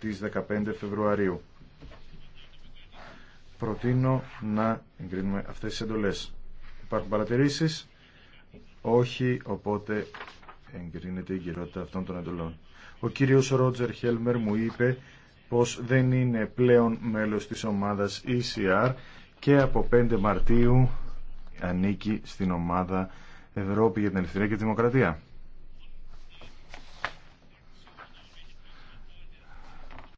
της 15 Φεβρουαρίου. Προτείνω να εγκρίνουμε αυτές τις εντολές. Υπάρχουν παρατηρήσεις. Όχι, οπότε εγκρίνεται η κυριότητα αυτών των εντολών. Ο κύριος Ρότζερ Χέλμερ μου είπε πως δεν είναι πλέον μέλος της ομάδας ECR και από 5 Μαρτίου ανήκει στην ομάδα Ευρώπη για την Ελευθερία και τη Δημοκρατία.